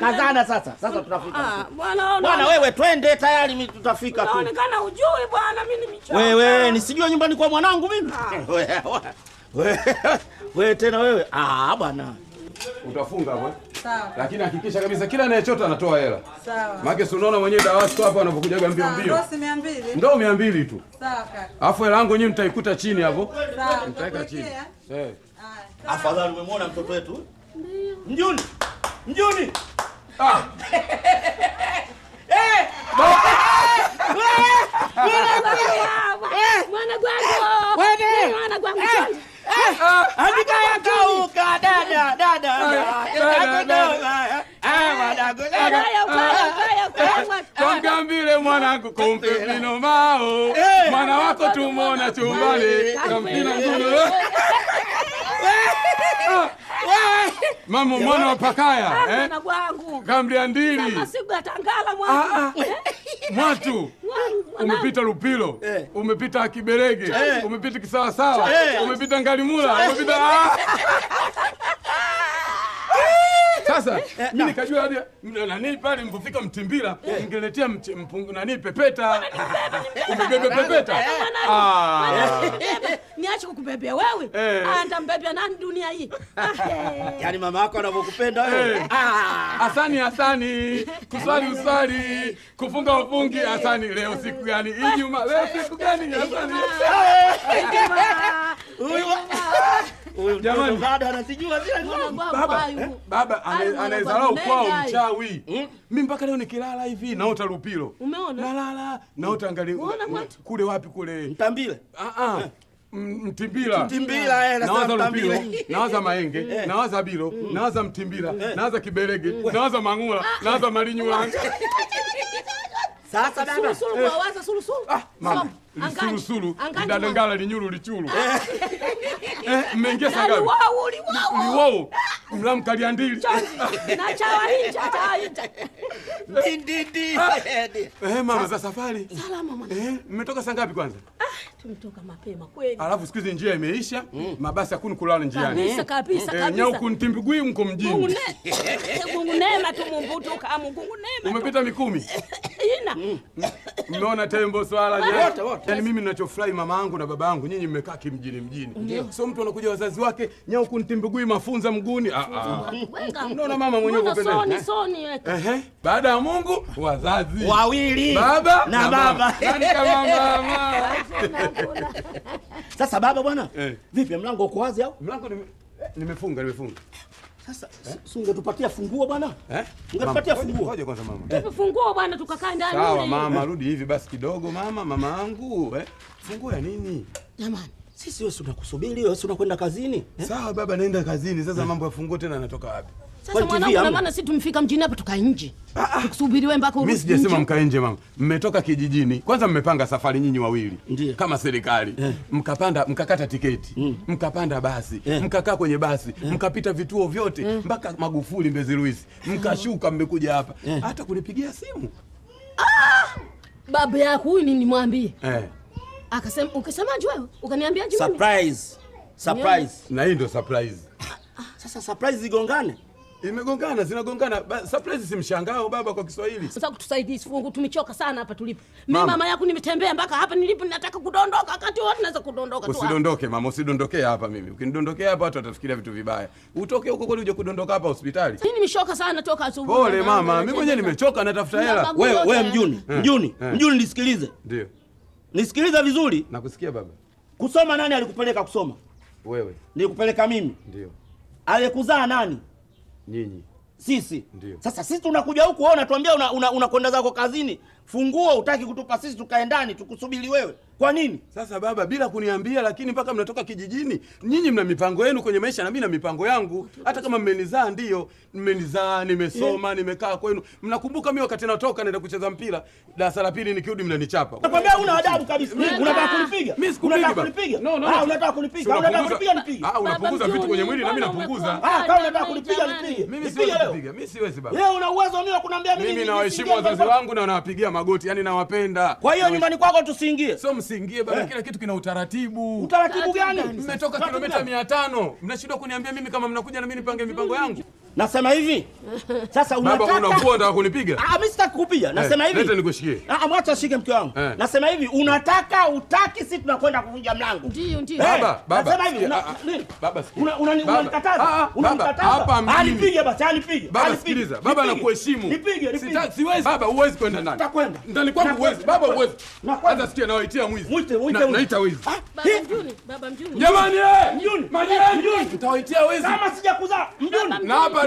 Kazana sasa, sasa ah, Bwana wewe, twende tayari, tutafika tu. Unaonekana hujui bwana, mimi nimechoka. Wewe nisijue nyumbani kwa mwanangu mimi ah. wewe tena wewe. Ah bwana, utafunga hapo eh? lakini hakikisha kabisa kila anayechota anatoa hela. Sawa. Maana si unaona mwenyewe mbio. Ndio mia mbili tu. Sawa kaka. Alafu hela yangu nyinyi mtaikuta chini hapo. chini. Eh. Afadhali umemwona mtoto wetu Mjuni, Mjuni. Ah. Kamkambile mwanangu kumpe vino mao, eh. mwana wako tumwona chumbani, kamkina mzuri Mama mwana wa Pakaya eh? Kamliandili ah, ah. eh? Mwatu umepita Lupilo eh. umepita Kiberege, umepita Kisawasawa umepita Ngalimula umepita ah! sasa eh, mimi nikajua nani pale mlipofika Mtimbila eh, mngeletea nani pepeta, umebebe pepeta niache kukubebea wewe? Hey. Eh. Ah, Ndambebea nani dunia hii? Ah, eh. Yani mama yako anavyokupenda wewe. hey. Eh. Ah, Asani asani kuswali uswali, kufunga ufungi asani leo siku gani? Ijumaa. Leo siku gani asani baba anaezarau kwao mchawi. Hmm? Mi mpaka leo nikilala hivi naota lupilo, nalala naota angalia kule wapi, kule Mtambile ah, ah. Mtimbira, Mtimbira, eh, nawaza Lupilo, nawaza Maenge, eh. nawaza Bilo, mm. nawaza mtimbila eh. nawaza Kiberege, nawaza Mang'ula, nawaza Malinyula. Sasa ah, dada, linyulu lichulu. Eh, mmeingia saa ndili. mama za safari. mmetoka sangapi kwanza? Tumetoka mapema kweli. Alafu siku hizi njia imeisha, mm. mabasi hakuna kulala njiani. Kabisa mm. kabisa eh, kabisa. Nyau mtimbigwi mko mjini. Mungu neema tu mumbutuka, Mungu neema. Umepita mikumi. Sina. Mm. Mmeona tembo swala wote wote. Yaani mimi ninachofurahi mama yangu na baba yangu nyinyi mmekaa kimjini mjini. Ndio. So mtu anakuja wazazi wake nyao kunitimbugui mafunza mguuni. Ah ah. Unaona mama mwenyewe kupenda. Soni eh? soni weka. Ehe. Baada ya Mungu wazazi wawili. Baba na baba. Yaani kama mama. Eh. Sasa baba bwana. Eh. Vipi mlango uko wazi au? Mlango nimefunga nimefunga. Sasa si ungetupatia funguo bwana? Eh? Ungetupatia funguo. Ngoja kwanza mama. Tupe eh. funguo bwana tukakaa ndani. Sawa mama, rudi hivi basi kidogo mama, mama yangu, eh? Funguo ya nini? Jamani, sisi wewe unakusubiri, wewe unakwenda kazini. Eh? Sawa baba, naenda kazini. Sasa eh. mambo ya funguo tena anatoka wapi? Sasa mwanangu, na maana sisi mjini hapa tukae nje. Ah, ah. Tukusubiriwe mpaka urudi. Mimi sijasema mkae nje mama. Mmetoka kijijini. Kwanza mmepanga safari nyinyi wawili. Ndiye. Kama serikali. Eh. Mkapanda, mkakata tiketi. Mm. Mkapanda basi. Eh. Mkakaa kwenye basi. Eh. Mkapita vituo vyote eh. mpaka Magufuli Mbezi Luizi. Mkashuka mmekuja hapa. Eh. Hata kunipigia simu. Ah! Baba yako huyu nimwambie. Eh. Akasema ukisemaje wewe? Ukaniambia je Surprise. Surprise. Na hii ndio surprise. Ah, sasa surprise igongane. Imegongana, zinagongana. Surprise si mshangao baba kwa Kiswahili. Sasa kutusaidie sifungu, tumechoka sana hapa tulipo. Mimi mama yako nimetembea mpaka hapa nilipo, ninataka kudondoka, wakati wote naweza kudondoka tu. Usidondoke mama, usidondoke hapa mimi. Ukinidondokea hapa watu watafikiria vitu vibaya. Utoke huko kweli uje kudondoka hapa hospitali. Mimi nimechoka sana toka asubuhi. Pole mama, mimi mwenyewe nimechoka natafuta hela. Wewe wewe mjuni, eh, mjuni, eh. mjuni nisikilize. Ndio. Nisikiliza vizuri. Nakusikia baba. Kusoma nani alikupeleka kusoma? Wewe. Nilikupeleka mimi. Ndio. Alikuzaa nani? Nyinyi sisi ndiyo. Sasa sisi tunakuja huku wewe unatuambia unakwenda una, una zako kazini, funguo utaki kutupa sisi tukae ndani tukusubiri wewe kwa nini sasa baba, bila kuniambia? Lakini mpaka mnatoka kijijini, nyinyi mna mipango yenu kwenye maisha, na mimi na mipango yangu. Hata kama mmenizaa, ndio mmenizaa, nimesoma, nimekaa kwenu. Mnakumbuka mimi wakati natoka naenda kucheza mpira darasa la pili, nikirudi mnanichapa. Nakwambia una adabu kabisa. Unataka kunipiga? Mimi sikupigi baba. No, no. Ah, unataka kunipiga? Ah, unataka kunipiga nipige. Ah, unapunguza vitu kwenye mwili na mimi napunguza. Ah, kama unataka kunipiga nipige. Mimi siwezi kupiga. Mimi siwezi baba. Wewe una uwezo mimi nakuambia mimi. Mimi nawaheshimu wazazi wangu na nawapigia magoti, yani nawapenda. Kwa hiyo nyumbani kwako tusiingie. Sio usiingie bana eh. Kila kitu kina utaratibu. Utaratibu gani? Mmetoka kilomita mia mnashindwa kuniambia mimi kama mnakuja na mimi nipange mipango yangu. Nasema hivi. Sasa unataka Baba unakuwa unataka kunipiga? Ah, mimi sitaki kukupiga. Eh, nasema hivi. Leta nikushikie. Ah, ah mwacha shike mke wangu. Eh. Nasema hivi, unataka utaki, sisi tunakwenda kuvunja mlango. Ndio, ndio. Baba, eh, baba. Nasema hivi. Ah, ah. Baba sikia. Unanikataza? Unanikataza? Alipige basi, alipige. Baba sikiliza. Baba Nipige, nipige. Siwezi. Baba huwezi kwenda huwezi. Baba huwezi. na waitia mwizi. Naita wizi. Baba mjuni, baba mjuni. Jamani eh! Mjuni. mjuni. wizi. Kama mjuni. Na hapa